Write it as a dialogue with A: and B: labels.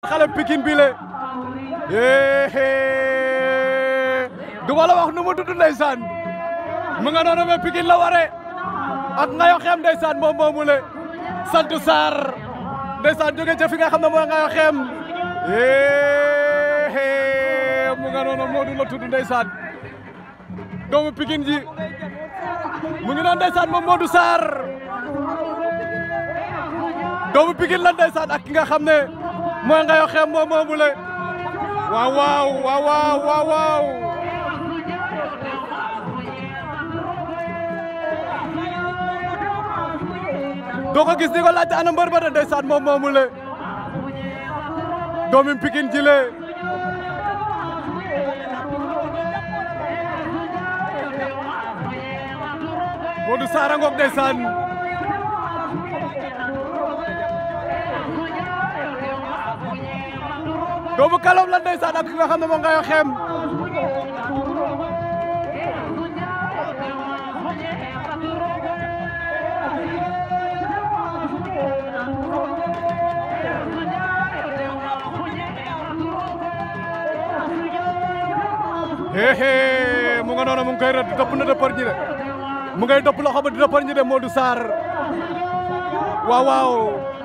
A: Kalau pikin bi le du ma la wax Desan. mu tudd ndeysaan mu nga noonu mais pikin la ware ak nga yoo xam ndeysaan moom moomu le sant Sarr ndeysaan jóge ca fi nga xam ne mooy nga ji mu Desan noonu ndeysaan moom Modou Sarr doomu pikin la ndeysaan ak ki mooy Ngayo Xeme moom moomu la waaw waaw waaw waaw ko gis di ko ana mbër ba de ndeysaan moom moomu la doomi Pikine ji la Modou Sarr a doomu Kalom la ndeysaan ak ki nga xam ne moom ngay xem héhé mu nga noonu mu ngi koy rëdd dëpp na dëppar ñi de mu ngay dëpp loxo ba di dëppar ñi de Modou Sarr waaw waaw